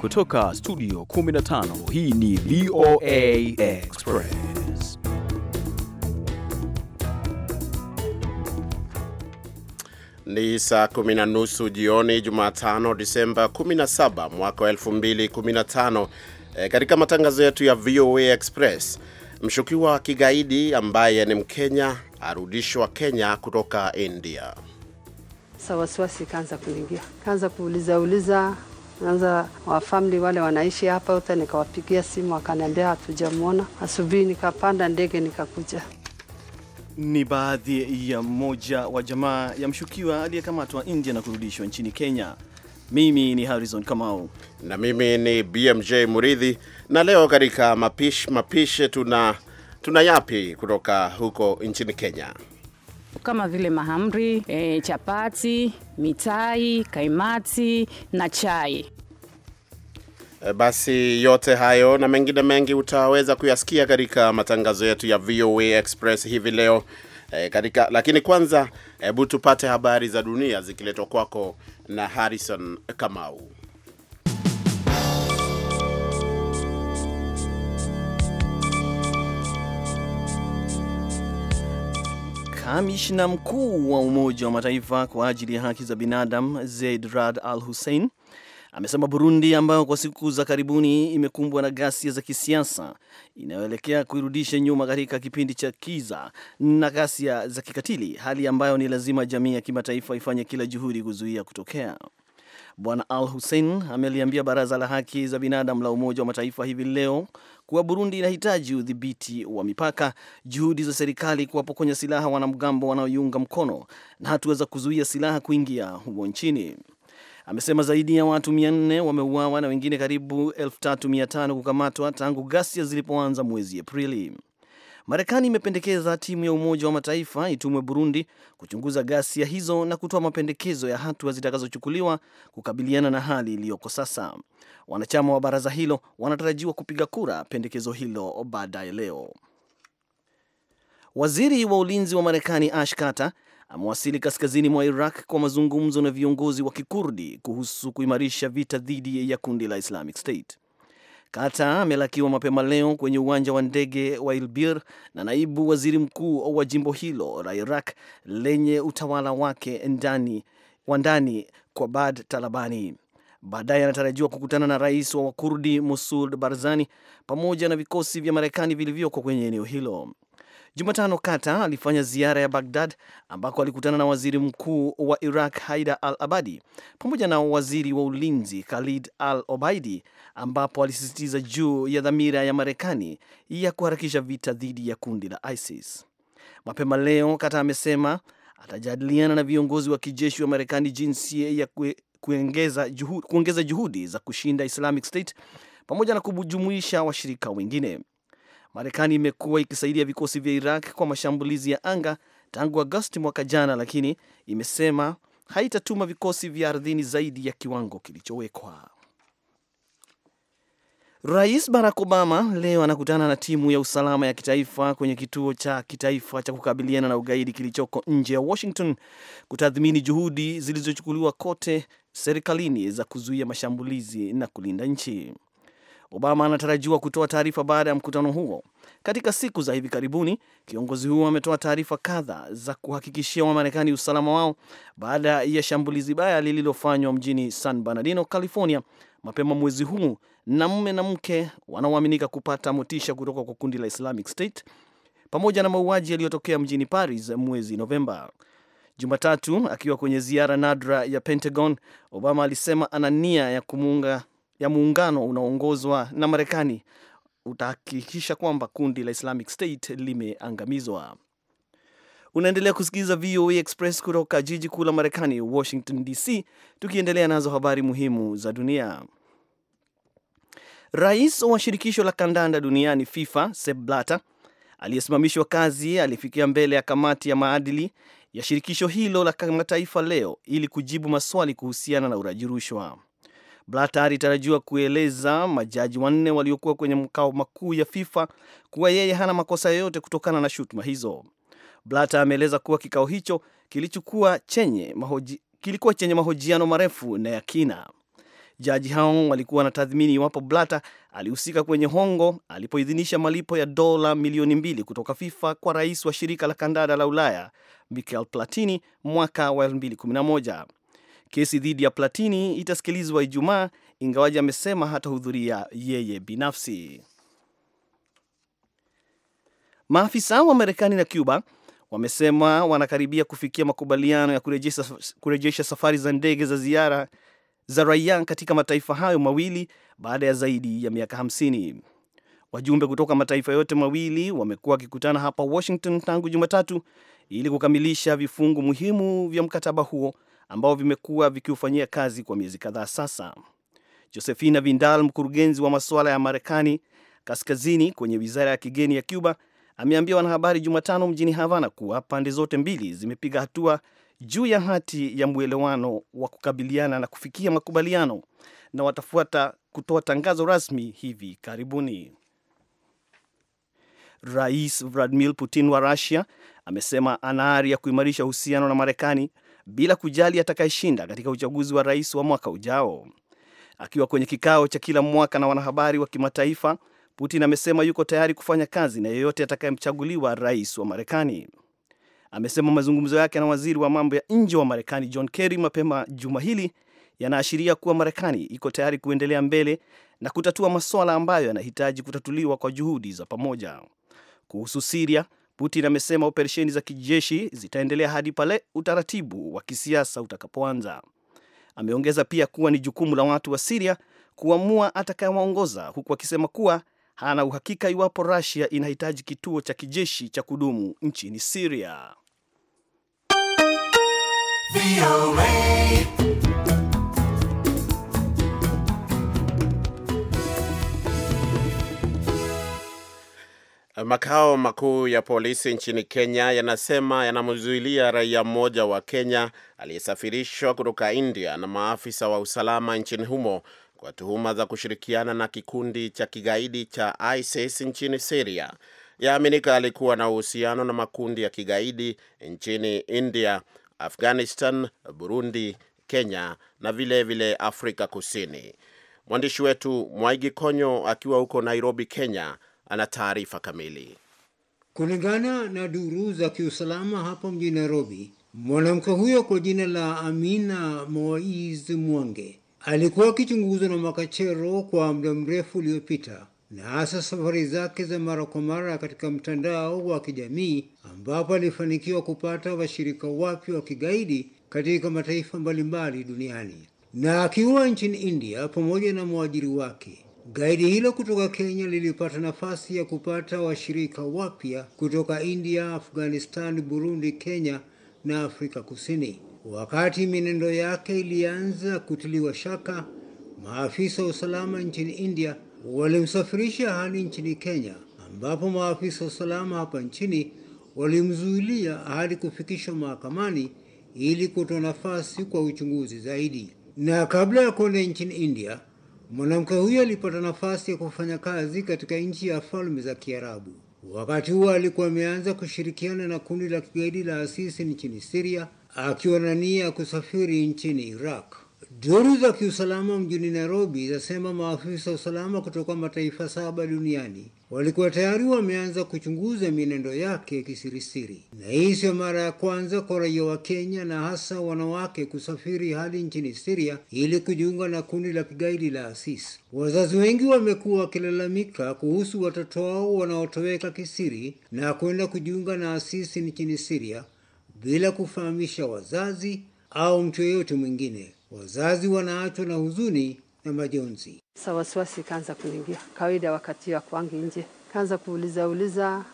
Kutoka studio 15 hii ni VOA Express. Ni saa kumi na nusu jioni Jumatano, Disemba 17 mwaka wa 2015. E, eh, katika matangazo yetu ya VOA Express, mshukiwa wa kigaidi ambaye ni Mkenya arudishwa Kenya kutoka India. Sawasiwasi kaanza kuingia, kaanza kuulizauliza Anza wafamili wale wanaishi hapa Uta, nikawapigia simu wakaniambia hatujamwona. Asubuhi nikapanda ndege nikakuja. Ni baadhi ya mmoja wa jamaa ya mshukiwa aliyekamatwa India na kurudishwa nchini Kenya. Mimi ni Harrison Kamau na mimi ni BMJ Muridhi, na leo katika mapishi mapishi tuna, tuna yapi kutoka huko nchini Kenya kama vile mahamri e, chapati, mitai, kaimati na chai. E, basi yote hayo na mengine mengi utaweza kuyasikia katika matangazo yetu ya VOA Express hivi leo e, katika, lakini kwanza hebu tupate habari za dunia zikiletwa kwako na Harrison Kamau. Kamishna mkuu wa Umoja wa Mataifa kwa ajili ya haki za binadamu Zeid Rad Al Hussein amesema Burundi, ambayo kwa siku za karibuni imekumbwa na ghasia za kisiasa, inayoelekea kuirudisha nyuma katika kipindi cha kiza na ghasia za kikatili, hali ambayo ni lazima jamii ya kimataifa ifanye kila juhudi kuzuia kutokea. Bwana Al Hussein ameliambia baraza la haki za binadamu la Umoja wa Mataifa hivi leo kuwa Burundi inahitaji udhibiti wa mipaka, juhudi za serikali kuwapokonya silaha wanamgambo wanaoiunga mkono na hatua za kuzuia silaha kuingia humo nchini. Amesema zaidi ya watu 400 wameuawa na wengine karibu 3500 kukamatwa tangu ghasia zilipoanza mwezi Aprili. Marekani imependekeza timu ya Umoja wa Mataifa itumwe Burundi kuchunguza ghasia hizo na kutoa mapendekezo ya hatua zitakazochukuliwa kukabiliana na hali iliyoko sasa. Wanachama wa baraza hilo wanatarajiwa kupiga kura pendekezo hilo baadaye leo. Waziri wa ulinzi wa Marekani Ash Carter amewasili kaskazini mwa Iraq kwa mazungumzo na viongozi wa Kikurdi kuhusu kuimarisha vita dhidi ya kundi la Islamic State kata amelakiwa mapema leo kwenye uwanja wa ndege wa Ilbir na naibu waziri mkuu wa jimbo hilo la Iraq lenye utawala wake ndani wa ndani kwa Bad Talabani. Baadaye anatarajiwa kukutana na rais wa Wakurdi Musud Barzani pamoja na vikosi vya Marekani vilivyoko kwenye eneo hilo. Jumatano Kata alifanya ziara ya Bagdad ambako alikutana na waziri mkuu wa Iraq Haida al Abadi pamoja na waziri wa ulinzi Khalid al Obaidi, ambapo alisisitiza juu ya dhamira ya Marekani ya kuharakisha vita dhidi ya kundi la ISIS. Mapema leo, Kata amesema atajadiliana na viongozi wa kijeshi wa Marekani jinsi ya kuongeza juhudi, kuongeza juhudi za kushinda Islamic State pamoja na kujumuisha washirika wengine. Marekani imekuwa ikisaidia vikosi vya Iraq kwa mashambulizi ya anga tangu Agosti mwaka jana, lakini imesema haitatuma vikosi vya ardhini zaidi ya kiwango kilichowekwa. Rais Barack Obama leo anakutana na timu ya usalama ya kitaifa kwenye kituo cha kitaifa cha kukabiliana na ugaidi kilichoko nje ya Washington kutathmini juhudi zilizochukuliwa kote serikalini za kuzuia mashambulizi na kulinda nchi. Obama anatarajiwa kutoa taarifa baada ya mkutano huo. Katika siku za hivi karibuni, kiongozi huo ametoa taarifa kadha za kuhakikishia Wamarekani usalama wao baada ya shambulizi baya lililofanywa mjini San Bernardino, California mapema mwezi huu na mume na mke wanaoaminika kupata motisha kutoka kwa kundi la Islamic State pamoja na mauaji yaliyotokea mjini Paris mwezi Novemba. Jumatatu, akiwa kwenye ziara nadra ya Pentagon, Obama alisema ana nia ya kumuunga ya muungano unaoongozwa na Marekani utahakikisha kwamba kundi la Islamic State limeangamizwa. Unaendelea kusikiliza VOA Express kutoka jiji kuu la Marekani, Washington DC, tukiendelea nazo habari muhimu za dunia. Rais wa shirikisho la kandanda duniani FIFA Sepp Blatter aliyesimamishwa kazi alifikia mbele ya kamati ya maadili ya shirikisho hilo la kimataifa leo ili kujibu maswali kuhusiana na uraji rushwa. Blatter alitarajiwa kueleza majaji wanne waliokuwa kwenye makao makuu ya FIFA kuwa yeye hana makosa yoyote kutokana na shutuma hizo. Blatter ameeleza kuwa kikao hicho chenye mahoji, kilikuwa chenye mahojiano marefu na ya kina. Jaji hao walikuwa na tathmini iwapo blata alihusika kwenye hongo alipoidhinisha malipo ya dola milioni mbili kutoka FIFA kwa rais wa shirika la kandada la Ulaya Michel Platini mwaka wa 2011. Kesi dhidi ya Platini itasikilizwa Ijumaa, ingawaji amesema hatahudhuria yeye binafsi. Maafisa wa Marekani na Cuba wamesema wanakaribia kufikia makubaliano ya kurejesha, kurejesha safari za ndege za ziara za raia katika mataifa hayo mawili baada ya zaidi ya miaka 50. Wajumbe kutoka mataifa yote mawili wamekuwa wakikutana hapa Washington tangu Jumatatu ili kukamilisha vifungu muhimu vya mkataba huo ambao vimekuwa vikiufanyia kazi kwa miezi kadhaa sasa. Josefina Vindal, mkurugenzi wa masuala ya Marekani kaskazini kwenye wizara ya kigeni ya Cuba, ameambia wanahabari Jumatano mjini Havana kuwa pande zote mbili zimepiga hatua juu ya hati ya mwelewano wa kukabiliana na kufikia makubaliano na watafuata kutoa tangazo rasmi hivi karibuni. Rais Vladimir Putin wa rusia amesema ana ari ya kuimarisha uhusiano na Marekani bila kujali atakayeshinda katika uchaguzi wa rais wa mwaka ujao. Akiwa kwenye kikao cha kila mwaka na wanahabari wa kimataifa, Putin amesema yuko tayari kufanya kazi na yeyote atakayemchaguliwa rais wa Marekani. Amesema mazungumzo yake na waziri wa mambo ya nje wa Marekani John Kerry mapema juma hili yanaashiria kuwa Marekani iko tayari kuendelea mbele na kutatua masuala ambayo yanahitaji kutatuliwa kwa juhudi za pamoja. Kuhusu Siria, Putin amesema operesheni za kijeshi zitaendelea hadi pale utaratibu wa kisiasa utakapoanza. Ameongeza pia kuwa ni jukumu la watu wa Siria kuamua atakayewaongoza, huku akisema kuwa hana uhakika iwapo Rusia inahitaji kituo cha kijeshi cha kudumu nchini Siria. Makao makuu ya polisi nchini Kenya yanasema yanamzuilia raia mmoja wa Kenya aliyesafirishwa kutoka India na maafisa wa usalama nchini humo kwa tuhuma za kushirikiana na kikundi cha kigaidi cha ISIS nchini siria Yaaminika alikuwa na uhusiano na makundi ya kigaidi nchini India, Afghanistan, Burundi, Kenya na vilevile vile Afrika Kusini. Mwandishi wetu Mwaigi Konyo akiwa huko Nairobi, Kenya ana taarifa kamili. Kulingana na duru za kiusalama hapo mjini Nairobi, mwanamke huyo kwa jina la Amina Moiz Mwange alikuwa akichunguzwa na makachero kwa muda mrefu uliopita na hasa safari zake za mara kwa mara katika mtandao wa kijamii ambapo alifanikiwa kupata washirika wapya wa kigaidi katika mataifa mbalimbali duniani. Na akiwa nchini India pamoja na mwajiri wake, Gaidi hilo kutoka Kenya lilipata nafasi ya kupata washirika wapya kutoka India, Afghanistan, Burundi, Kenya na Afrika Kusini. Wakati minendo yake ilianza kutiliwa shaka, maafisa wa usalama nchini India walimsafirisha hadi nchini Kenya, ambapo maafisa wa usalama hapa nchini walimzuilia hadi kufikishwa mahakamani ili kutoa nafasi kwa uchunguzi zaidi. Na kabla ya kwenda nchini India Mwanamke huyo alipata nafasi ya kufanya kazi katika nchi ya Falme za Kiarabu. Wakati huo alikuwa ameanza kushirikiana na kundi la kigaidi la Asisi nchini Syria akiwa na nia ya kusafiri nchini Iraq. Duru za kiusalama mjini Nairobi zasema maafisa wa usalama kutoka mataifa saba duniani walikuwa tayari wameanza kuchunguza mienendo yake kisirisiri, na hii siyo mara ya kwanza kwa raia wa Kenya na hasa wanawake kusafiri hadi nchini Syria ili kujiunga na kundi la kigaidi la ISIS. Wazazi wengi wamekuwa wakilalamika kuhusu watoto wao wanaotoweka kisiri na kwenda kujiunga na ISIS nchini Syria bila kufahamisha wazazi au mtu yeyote mwingine wazazi wanaachwa na huzuni na majonzi. sa wasiwasi kaanza kuingia kawaida, wakati wa kwangi nje kaanza kuuliza uliza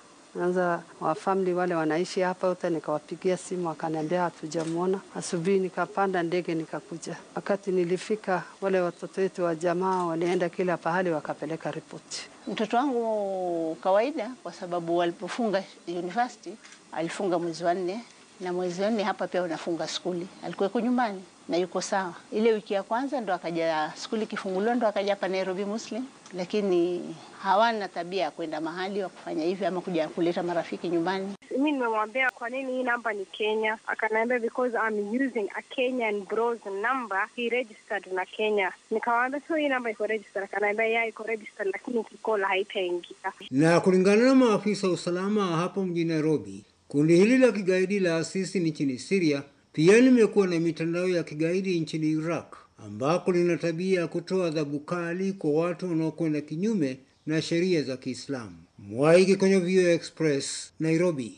anza wa wale wanaishi hapa uta, nikawapigia simu wakaniambia hatujamwona. Asubuhi nikapanda ndege nikakuja. Wakati nilifika, wale watoto wetu wa jamaa walienda kila pahali wakapeleka ripoti. Mtoto wangu kawaida, kwa sababu walipofunga university alifunga mwezi wa nne na mwezi wa nne hapa pia unafunga skuli. Alikuweko nyumbani na yuko sawa. Ile wiki ya kwanza ndo akaja skuli kifunguliwa, ndo akaja hapa Nairobi Muslim, lakini hawana tabia ya kwenda mahali wa kufanya hivyo ama kuja kuleta marafiki nyumbani. Mi nimemwambia kwa nini hii namba ni Kenya, akaniambia because I'm using a Kenyan bros number, he registered na Kenya. Nikamwambia sio hii namba iko register, akaniambia ya iko register, lakini kikola haitaingia. Na kulingana na maafisa wa usalama hapo mjini Nairobi Kundi hili la kigaidi la asisi nchini Syria pia limekuwa na mitandao ya kigaidi nchini Iraq ambako lina tabia ya kutoa adhabu kali kwa watu wanaokwenda kinyume na sheria za Kiislamu. Mwaiki kwenye VOA Express, Nairobi.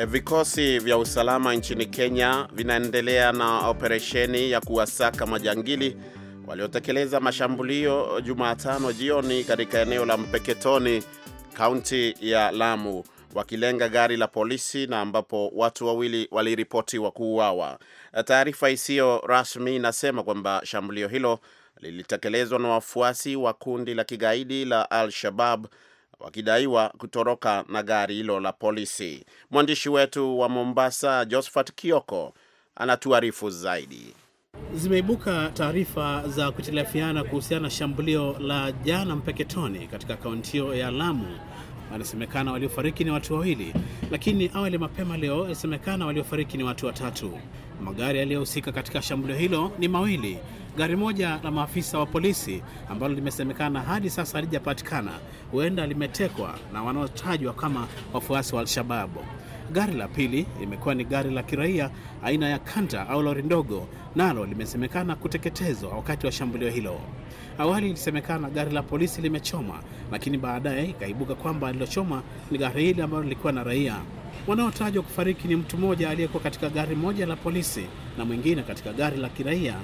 Eh, vikosi vya usalama nchini Kenya vinaendelea na operesheni ya kuwasaka majangili waliotekeleza mashambulio Jumatano jioni katika eneo la Mpeketoni, kaunti ya Lamu, wakilenga gari la polisi na ambapo watu wawili waliripotiwa kuuawa. Eh, taarifa isiyo rasmi inasema kwamba shambulio hilo lilitekelezwa na wafuasi wa kundi la kigaidi la Al-Shabab wakidaiwa kutoroka na gari hilo la polisi. Mwandishi wetu wa Mombasa, Josephat Kioko, anatuarifu zaidi. Zimeibuka taarifa za kutilafiana kuhusiana na shambulio la jana Mpeketoni katika kauntio ya Lamu. Anasemekana waliofariki ni watu wawili, lakini awali mapema leo inasemekana waliofariki ni watu watatu. Magari yaliyohusika katika shambulio hilo ni mawili Gari moja la maafisa wa polisi ambalo limesemekana hadi sasa halijapatikana, huenda limetekwa na wanaotajwa kama wafuasi wa alshababu Gari la pili limekuwa ni gari la kiraia aina ya kanta au lori ndogo, nalo limesemekana kuteketezwa wakati wa shambulio hilo. Awali ilisemekana gari la polisi limechoma, lakini baadaye ikaibuka kwamba alilochoma ni gari hili ambalo lilikuwa na raia. Wanaotajwa kufariki ni mtu mmoja aliyekuwa katika gari moja la polisi na mwingine katika gari la kiraia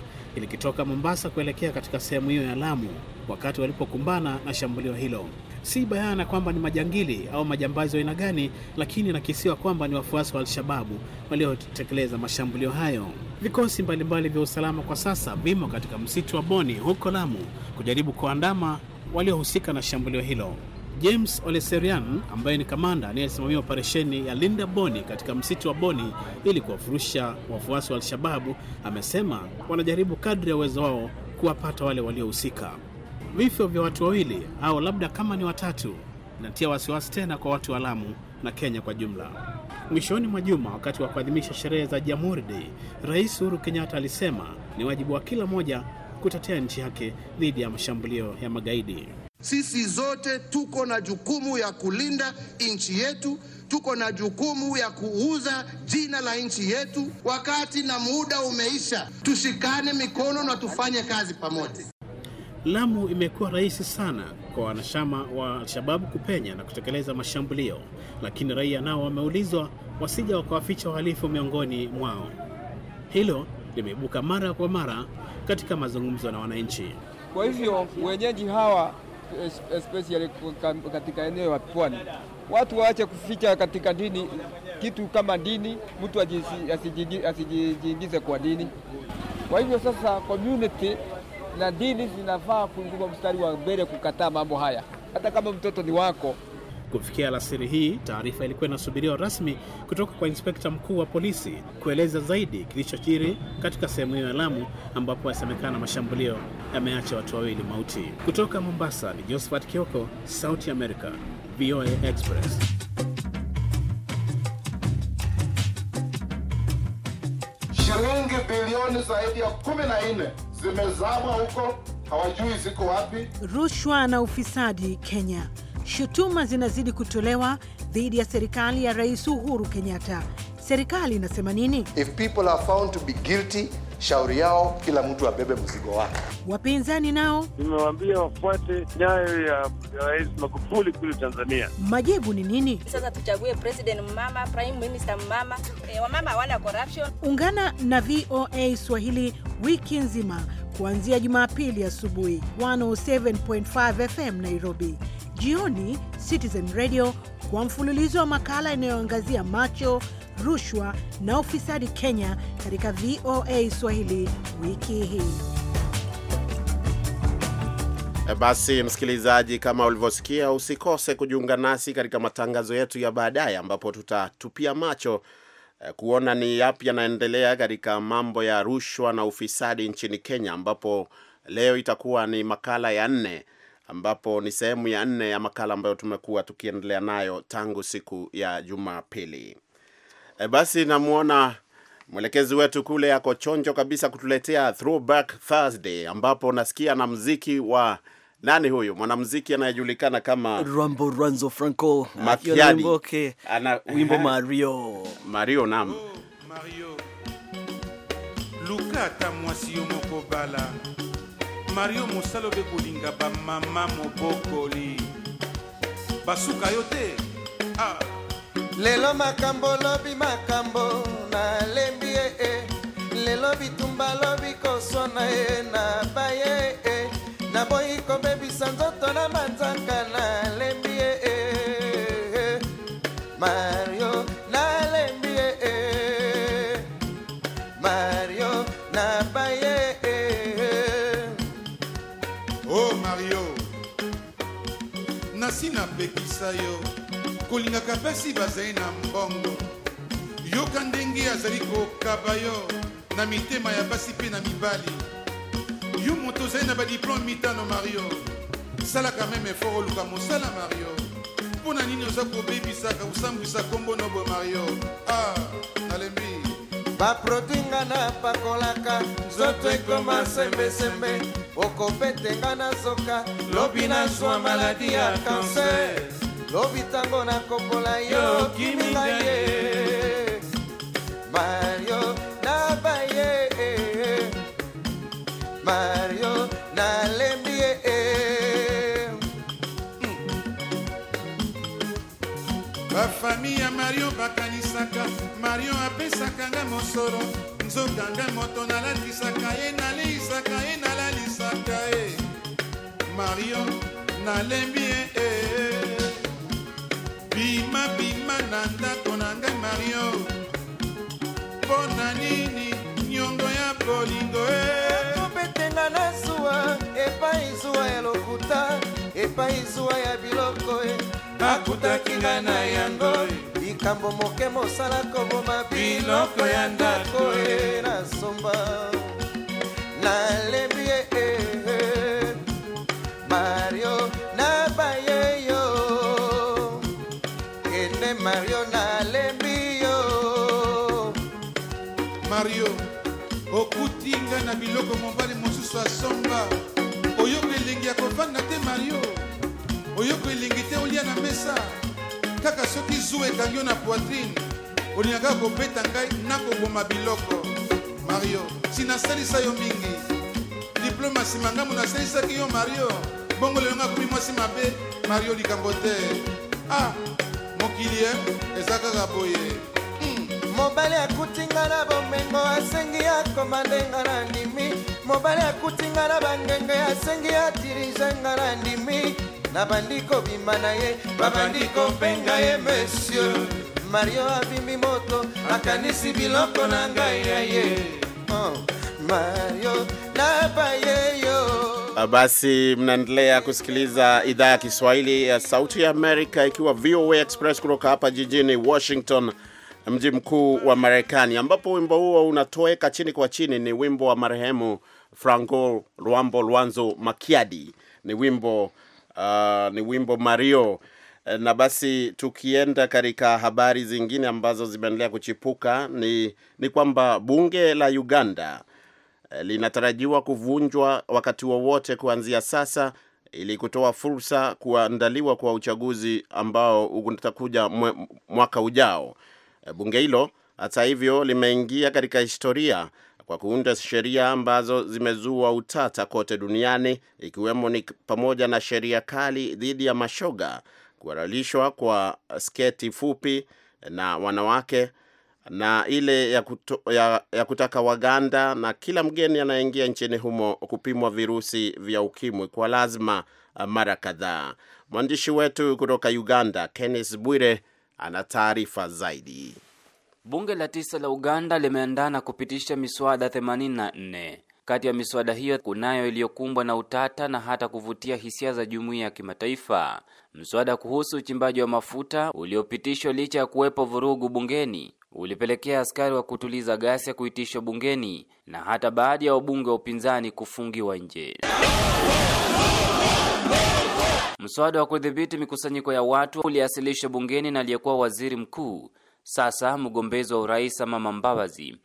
likitoka Mombasa kuelekea katika sehemu hiyo ya Lamu wakati walipokumbana na shambulio hilo. Si bayana kwamba ni majangili au majambazi wa aina gani, lakini inakisiwa kwamba ni wafuasi wa Al-Shababu waliotekeleza mashambulio hayo. Vikosi mbalimbali vya usalama kwa sasa vimo katika msitu wa Boni huko Lamu kujaribu kuandama waliohusika na shambulio hilo. James Oleserian ambaye ni kamanda anayesimamia operesheni ya Linda Boni katika msitu wa Boni ili kuwafurusha wafuasi wa Al-Shababu amesema wanajaribu kadri ya uwezo wao kuwapata wale waliohusika. Vifo vya watu wawili au labda kama ni watatu inatia wasiwasi tena kwa watu wa Lamu na Kenya kwa jumla. Mwishoni mwa juma, wakati wa kuadhimisha sherehe za Jamhuri Day, Rais Uhuru Kenyatta alisema ni wajibu wa kila mmoja kutetea nchi yake dhidi ya mashambulio ya magaidi. Sisi zote tuko na jukumu ya kulinda nchi yetu, tuko na jukumu ya kuuza jina la nchi yetu. Wakati na muda umeisha, tushikane mikono na tufanye kazi pamoja. Lamu imekuwa rahisi sana kwa wanachama wa al kupenya na kutekeleza mashambulio, lakini raia nao wameulizwa wasija wakawaficha wahalifu miongoni mwao. Hilo limeibuka mara kwa mara katika mazungumzo na wananchi. Kwa hivyo wenyeji hawa especially katika eneo ya pwani. Watu waache kuficha katika dini kitu kama dini, mtu asijiingize kwa dini. Kwa hivyo sasa, community na dini zinafaa kuingia mstari wa mbele kukataa mambo haya, hata kama mtoto ni wako Kufikia alasiri hii, taarifa ilikuwa inasubiriwa rasmi kutoka kwa inspekta mkuu wa polisi kueleza zaidi kilichojiri katika sehemu hiyo ya Lamu ambapo yasemekana mashambulio yameacha watu wawili mauti. Kutoka Mombasa ni Josephat Kioko, Sauti America, VOA Express. Shilingi bilioni zaidi ya na nne zimezama huko, hawajui ziko wapi. Rushwa na ufisadi Kenya. Shutuma zinazidi kutolewa dhidi ya serikali ya Rais Uhuru Kenyatta. Serikali inasema nini? If people are found to be guilty, shauri yao kila mtu abebe mzigo wake. Wapinzani nao nimewaambia wafuate nyayo ya Rais Magufuli kule Tanzania. Majibu ni nini? Sasa tuchague president mama, prime minister mama. E, eh, wamama hawana corruption. Ungana na VOA Swahili wiki nzima kuanzia Jumapili asubuhi 107.5 FM Nairobi jioni Citizen Radio kwa mfululizo wa makala inayoangazia macho, rushwa na ufisadi Kenya katika VOA Swahili wiki hii. E, basi msikilizaji, kama ulivyosikia, usikose kujiunga nasi katika matangazo yetu ya baadaye, ambapo tutatupia macho e, kuona ni yapi yanaendelea katika mambo ya rushwa na ufisadi nchini Kenya, ambapo leo itakuwa ni makala ya nne ambapo ni sehemu ya nne ya makala ambayo tumekuwa tukiendelea nayo tangu siku ya Jumapili. E, basi namwona mwelekezi wetu kule yako chonjo kabisa kutuletea Throwback Thursday, ambapo nasikia na mziki wa nani huyu mwanamziki anayejulikana kama Rambo Ranzo Franco ana wimbo Mario Mario nam oh, Mario Luka moko bala mario mosala obe kolinga bamama mobokoli basuka yo te ah. lelo makambo lobi makambo nalembi ye e lelo bitumba lobi kosona ye na baye e eh. naboyi kobebisa nzoto na manzaka nalembi ye e mario nalembi ye e mario na baye nasi napekisa yo kolingaka mpasi bazali na mbongo yoka ndenge azali kokaba yo na mitema ya basi mpe na mibali yo moto ozali na badiplome mitano mario salaka meme efort oluka mosala mario mpo na nini oza kobebisaka kosambwisa nkombo nobo mario a ah, nalembi baproduit nga napakolaka nzoto ekoma sembesembe okopetenga na soka lobi nazwa maladi ya kanser lobi ntango nakopola yo okiminga ye mario nabaye mario nalembi ye hmm. bafami ya mario bakanisaka mario apesaka nga mosolo nzokanga moto nalatisaka ye naleisaka ye nalali osaka ye marion nalembi ye e bima bima na ndako na ngai marion mpo na nini nyongo ya bolingo e kobetenga na zuwa epai zuwa ya lokuta epai zuwa ya biloko e akutaki ngai na yango e. likambo moke mosala koboma biloko ya ndako e na somba Eh, eh, eh. mario okutinga na biloko mobali mosusu asomba oyoka elengi ya kovanda te mario oyoka elengi te olia na mesa kaka soki zuwa ekangi yo na poitrine olingaka kobeta ngai nakoboma biloko mario sinasalisa yo mingi diplome nsima ngambo nasalisaki yo mario bongo lelo ngakomi mwasi mabe mario likambo te ah mokili e eza kaka boye hmm, mobali akutinga na bomengo asengi akoma ndenga na ndimi mobali akutinga na bangenge asengi atirizenga na ndimi nabandi kobima na ye babandi kopenga ye monsieur mario abimbi moto akanisi biloko na ngai na ye Uh, ah, basi mnaendelea kusikiliza idhaa ya Kiswahili ya Sauti ya Amerika, ikiwa VOA Express kutoka hapa jijini Washington, mji mkuu wa Marekani, ambapo wimbo huo unatoweka chini kwa chini. Ni wimbo wa marehemu Franco Luambo Luanzo Makiadi, ni wimbo uh, ni wimbo Mario Eh, na basi tukienda katika habari zingine ambazo zimeendelea kuchipuka ni, ni kwamba bunge la Uganda eh, linatarajiwa kuvunjwa wakati wowote kuanzia sasa ili kutoa fursa kuandaliwa kwa uchaguzi ambao utakuja mwaka ujao. Eh, bunge hilo hata hivyo limeingia katika historia kwa kuunda sheria ambazo zimezua utata kote duniani ikiwemo ni pamoja na sheria kali dhidi ya mashoga kuhalalishwa kwa sketi fupi na wanawake na ile ya, kuto, ya, ya kutaka Waganda na kila mgeni anayeingia nchini humo kupimwa virusi vya ukimwi kwa lazima uh, mara kadhaa. Mwandishi wetu kutoka Uganda kennis Bwire ana taarifa zaidi. Bunge la tisa la Uganda limeandaa na kupitisha miswada 84 kati ya miswada hiyo kunayo iliyokumbwa na utata na hata kuvutia hisia za jumuiya ya kimataifa. Mswada kuhusu uchimbaji wa mafuta uliopitishwa licha ya kuwepo vurugu bungeni ulipelekea askari wa kutuliza ghasia kuitishwa bungeni na hata baadhi ya wabunge wa upinzani kufungiwa nje. Mswada wa kudhibiti mikusanyiko ya watu uliasilishwa bungeni na aliyekuwa waziri mkuu, sasa mgombezi wa urais Amama Mbabazi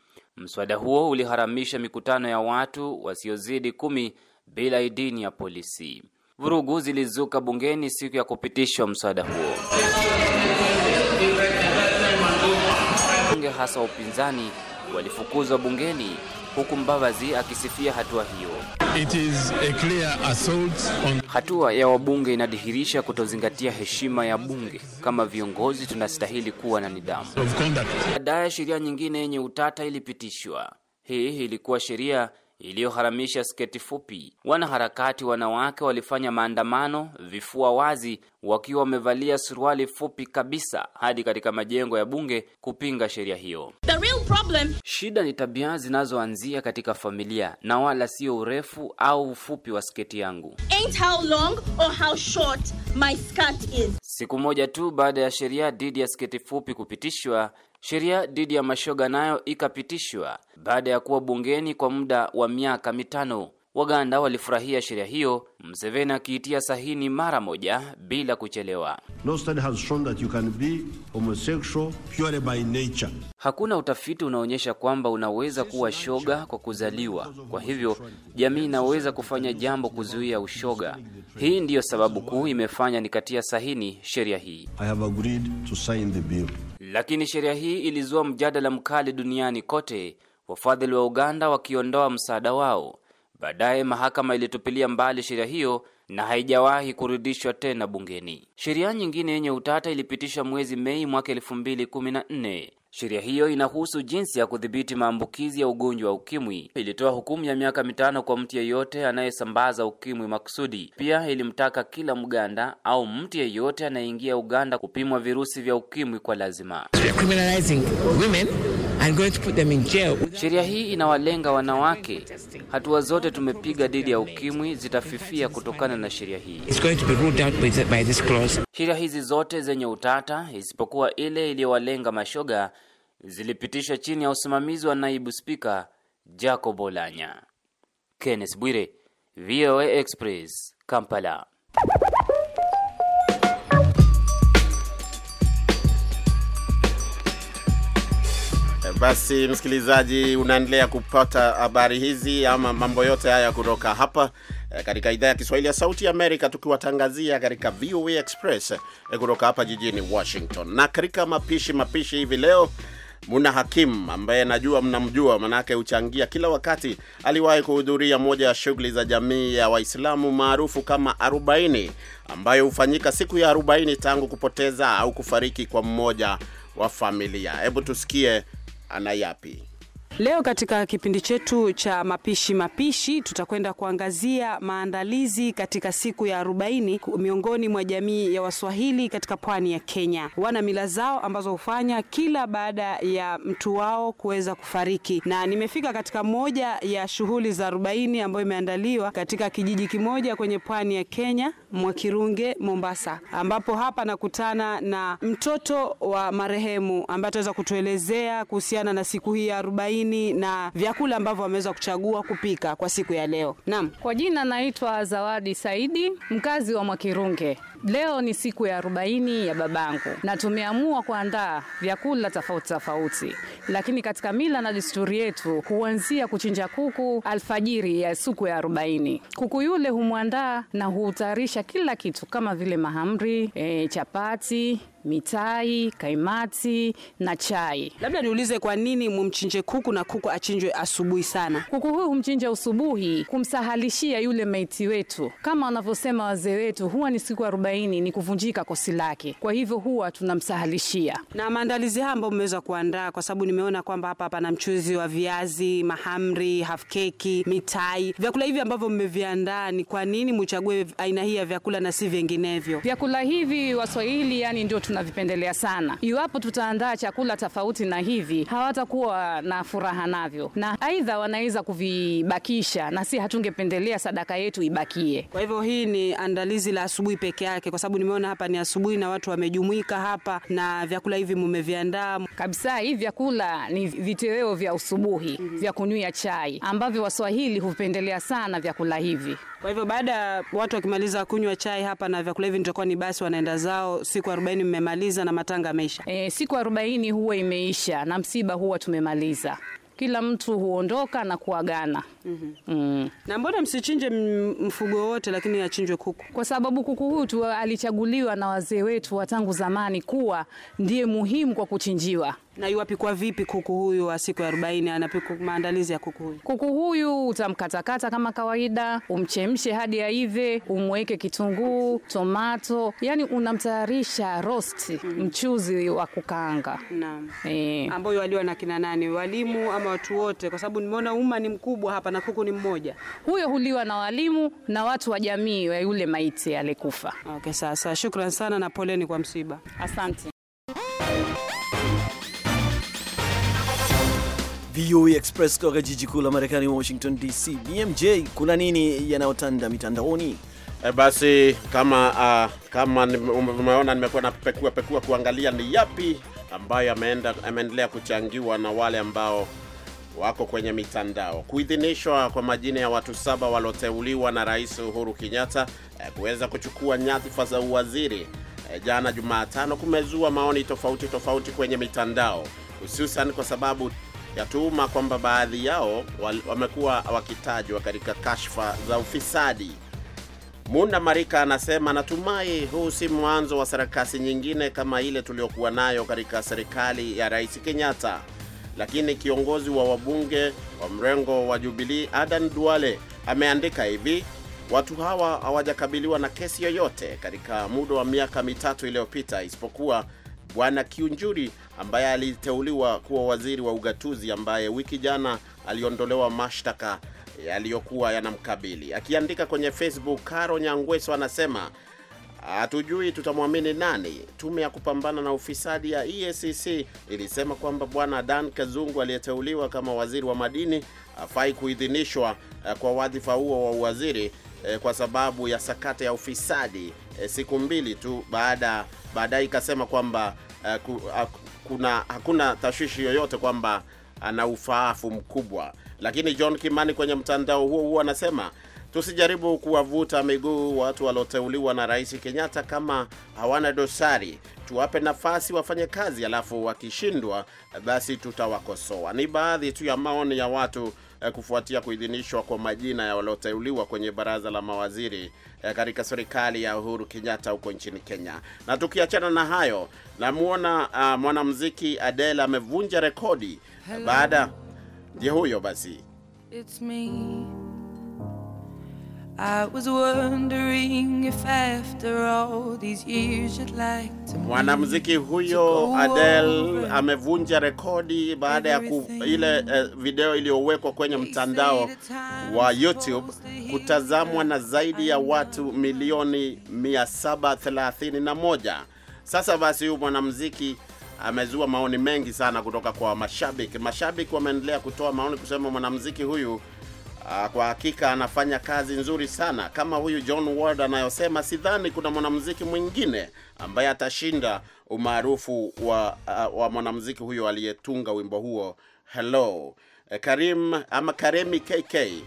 Mswada huo uliharamisha mikutano ya watu wasiozidi kumi bila idini ya polisi. Vurugu zilizuka bungeni siku ya kupitishwa mswada huo. Bunge hasa upinzani walifukuzwa bungeni huku Mbabazi akisifia hatua hiyo. It is a clear assault on... hatua ya wabunge inadhihirisha kutozingatia heshima ya bunge. Kama viongozi tunastahili kuwa na nidhamu. Baadaye sheria nyingine yenye utata ilipitishwa. Hii ilikuwa sheria iliyoharamisha sketi fupi. Wanaharakati wanawake walifanya maandamano vifua wazi, wakiwa wamevalia suruali fupi kabisa hadi katika majengo ya bunge kupinga sheria hiyo. The real problem. Shida ni tabia zinazoanzia katika familia na wala sio urefu au ufupi wa sketi yangu. Ain't how long or how short my skirt is. Siku moja tu baada ya sheria dhidi ya sketi fupi kupitishwa, sheria dhidi ya mashoga nayo ikapitishwa baada ya kuwa bungeni kwa muda wa miaka mitano. Waganda walifurahia sheria hiyo, Mseveni akiitia sahini mara moja bila kuchelewa. No study has shown that you can be homosexual purely by nature. Hakuna utafiti unaonyesha kwamba unaweza kuwa shoga kwa kuzaliwa, kwa hivyo jamii inaweza kufanya jambo kuzuia ushoga. Hii ndiyo sababu kuu imefanya nikatia sahini sheria hii. I have agreed to sign the bill. Lakini sheria hii ilizua mjadala mkali duniani kote, wafadhili wa Uganda wakiondoa msaada wao. Baadaye mahakama ilitupilia mbali sheria hiyo na haijawahi kurudishwa tena bungeni. Sheria nyingine yenye utata ilipitishwa mwezi Mei mwaka e214 Sheria hiyo inahusu jinsi ya kudhibiti maambukizi ya ugonjwa wa ukimwi. Ilitoa hukumu ya miaka mitano kwa mtu yeyote anayesambaza ukimwi makusudi. Pia ilimtaka kila Mganda au mtu yeyote anayeingia Uganda kupimwa virusi vya ukimwi kwa lazima. Sheria hii inawalenga wanawake. Hatua zote tumepiga dhidi ya ukimwi zitafifia kutokana na sheria hii. Sheria hizi zote zenye utata, isipokuwa ile iliyowalenga mashoga zilipitishwa chini ya usimamizi wa naibu spika Jacob Olanya. Kenneth Bwire, VOA Express, Kampala. Basi msikilizaji, unaendelea kupata habari hizi ama mambo yote haya kutoka hapa eh, katika idhaa ya Kiswahili ya Sauti Amerika, tukiwatangazia katika VOA Express eh, kutoka hapa jijini Washington. Na katika mapishi mapishi hivi leo Muna Hakim ambaye najua mnamjua, manake huchangia kila wakati. Aliwahi kuhudhuria moja ya shughuli za jamii ya Waislamu maarufu kama arobaini ambayo hufanyika siku ya arobaini tangu kupoteza au kufariki kwa mmoja wa familia. Hebu tusikie ana yapi. Leo katika kipindi chetu cha mapishi mapishi, tutakwenda kuangazia maandalizi katika siku ya arobaini miongoni mwa jamii ya Waswahili katika pwani ya Kenya. Wana mila zao ambazo hufanya kila baada ya mtu wao kuweza kufariki, na nimefika katika moja ya shughuli za arobaini ambayo imeandaliwa katika kijiji kimoja kwenye pwani ya Kenya, Mwakirunge, Mombasa, ambapo hapa nakutana na mtoto wa marehemu ambaye ataweza kutuelezea kuhusiana na siku hii ya arobaini nini na vyakula ambavyo wameweza kuchagua kupika kwa siku ya leo. Naam, kwa jina naitwa Zawadi Saidi, mkazi wa Mwakirunge. Leo ni siku ya arobaini ya babangu na tumeamua kuandaa vyakula tofauti tofauti, lakini katika mila na desturi yetu huanzia kuchinja kuku alfajiri ya siku ya arobaini. Kuku yule humwandaa na huutayarisha kila kitu kama vile mahamri, e, chapati mitai, kaimati na chai. Labda niulize, kwa nini mumchinje kuku na kuku achinjwe asubuhi sana? Kuku huyu humchinja asubuhi kumsahalishia yule maiti wetu, kama wanavyosema wazee wetu, huwa ni siku arobaini arobaini ni kuvunjika kosi lake, kwa hivyo huwa tunamsahalishia. Na maandalizi haya ambayo mmeweza kuandaa, kwa sababu nimeona kwamba hapa pana mchuzi wa viazi, mahamri, half keki, mitai, vyakula hivi ambavyo mmeviandaa, ni kwa nini mchague aina hii ya vyakula na si vinginevyo? Vyakula hivi Waswahili yani ndio tunavipendelea sana. Iwapo tutaandaa chakula tofauti na hivi, hawatakuwa na furaha navyo, na aidha wanaweza kuvibakisha, na si hatungependelea sadaka yetu ibakie. Kwa hivyo hii ni andalizi la asubuhi peke yake yake, kwa sababu nimeona hapa ni asubuhi na watu wamejumuika hapa, na vyakula hivi mumeviandaa kabisa. Hivi vyakula ni vitoweo vya usubuhi mm -hmm. vya kunywia chai ambavyo Waswahili hupendelea sana vyakula hivi. Kwa hivyo baada ya watu wakimaliza kunywa chai hapa na vyakula hivi, nitakuwa ni basi wanaenda zao. Siku arobaini mmemaliza na matanga ameisha? E, eh, siku arobaini huwa imeisha na msiba huwa tumemaliza kila mtu huondoka na kuagana. mm -hmm. mm. Na mbona msichinje mfugo wote, lakini achinjwe kuku? Kwa sababu kuku huyu alichaguliwa na wazee wetu wa tangu zamani kuwa ndiye muhimu kwa kuchinjiwa. Na yuapikwa vipi kuku huyu wa siku ya 40? Anapikwa maandalizi ya kuku huyu. Kuku huyu utamkatakata kama kawaida, umchemshe hadi aive, umweke kitunguu, tomato, yani unamtayarisha roast, mchuzi wa kukaanga. Naam. Eh. Ambao waliwa na kina nani? Walimu ama watu wote kwa sababu nimeona umma ni mkubwa hapa na kuku ni mmoja. Huyo huliwa na walimu na watu wa jamii wa yule maiti alikufa. Okay, sasa. Shukrani sana na poleni kwa msiba. Asante. VOA e Express kutoka jiji kuu la Marekani, Washington DC. BMJ, kuna nini yanayotanda mitandaoni? E, basi kama uh, kama umeona nimekuwa napekua pekua kuangalia ni yapi ambayo ameendelea kuchangiwa na wale ambao wako kwenye mitandao. Kuidhinishwa kwa majina ya watu saba walioteuliwa na Rais Uhuru Kenyatta e, kuweza kuchukua nyadhifa za uwaziri e, jana Jumatano kumezua maoni tofauti tofauti kwenye mitandao, hususan kwa sababu ya tuhuma kwamba baadhi yao wamekuwa wakitajwa katika kashfa za ufisadi. Munda Marika anasema natumai huu si mwanzo wa sarakasi nyingine kama ile tuliyokuwa nayo katika serikali ya Rais Kenyatta, lakini kiongozi wa wabunge wa mrengo wa Jubilee Adan Duale ameandika hivi: watu hawa hawajakabiliwa na kesi yoyote katika muda wa miaka mitatu iliyopita isipokuwa Bwana Kiunjuri ambaye aliteuliwa kuwa waziri wa ugatuzi, ambaye wiki jana aliondolewa mashtaka yaliyokuwa yanamkabili. Akiandika kwenye Facebook, Karo Nyangweso anasema hatujui tutamwamini nani. Tume ya kupambana na ufisadi ya EACC ilisema kwamba bwana Dan Kazungu aliyeteuliwa kama waziri wa madini hafai kuidhinishwa eh, kwa wadhifa huo wa uwaziri eh, kwa sababu ya sakata ya ufisadi eh, siku mbili tu baada baadaye ikasema kwamba eh, ah, kuna hakuna tashwishi yoyote kwamba ana ufaafu mkubwa. Lakini John Kimani kwenye mtandao huo huo anasema tusijaribu kuwavuta miguu watu walioteuliwa na Rais Kenyatta kama hawana dosari. Tuwape nafasi wafanye kazi, alafu wakishindwa basi tutawakosoa. Ni baadhi tu ya maoni ya watu Eh, kufuatia kuidhinishwa kwa majina ya walioteuliwa kwenye baraza la mawaziri eh, katika serikali ya Uhuru Kenyatta huko nchini Kenya. Na tukiachana na hayo, namwona uh, ah, mwanamuziki Adele amevunja rekodi baada. ndio huyo basi It's me. Mwanamuziki huyo Adele amevunja rekodi baada ya ile uh, video iliyowekwa kwenye mtandao wa YouTube kutazamwa na zaidi ya watu milioni 731. Sasa basi, huyu mwanamuziki amezua maoni mengi sana kutoka kwa mashabiki. Mashabiki wameendelea kutoa maoni kusema mwanamuziki huyu Ah, kwa hakika anafanya kazi nzuri sana kama huyu John Ward anayosema, sidhani kuna mwanamuziki mwingine ambaye atashinda umaarufu wa, ah, wa mwanamuziki huyo aliyetunga wimbo huo Hello. Eh, Karim ama Karemi KK eh,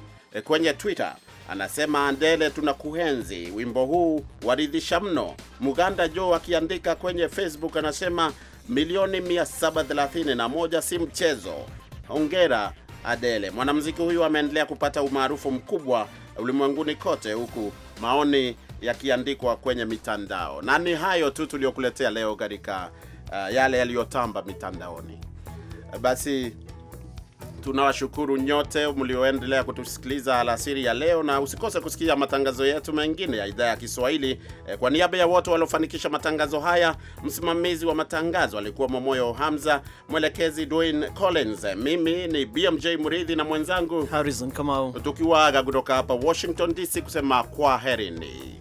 kwenye Twitter anasema Andele, tunakuhenzi, wimbo huu waridhisha mno. Muganda Joe akiandika kwenye Facebook anasema milioni 731 si mchezo, hongera Adele. Mwanamuziki huyu ameendelea kupata umaarufu mkubwa ulimwenguni kote, huku maoni yakiandikwa kwenye mitandao. Na ni hayo tu tuliyokuletea leo katika uh, yale yaliyotamba mitandaoni. Basi tunawashukuru nyote mlioendelea kutusikiliza alasiri ya leo, na usikose kusikia matangazo yetu mengine ya idhaa ya Kiswahili. E, kwa niaba ya wote waliofanikisha matangazo haya, msimamizi wa matangazo alikuwa Momoyo Hamza, mwelekezi Dwayne Collins, mimi ni BMJ Muridhi na mwenzangu Harrison Kamau, tukiwaaga kutoka hapa Washington DC kusema kwa herini